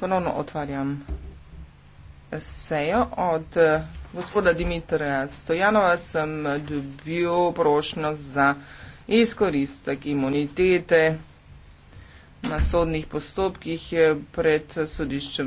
Ponovno otvarjam sejo od eh, gospoda Dimitra Stojanova. Sem dobil prošnjo za izkoristek imunitete na sodnih postopkih eh, pred sodiščem.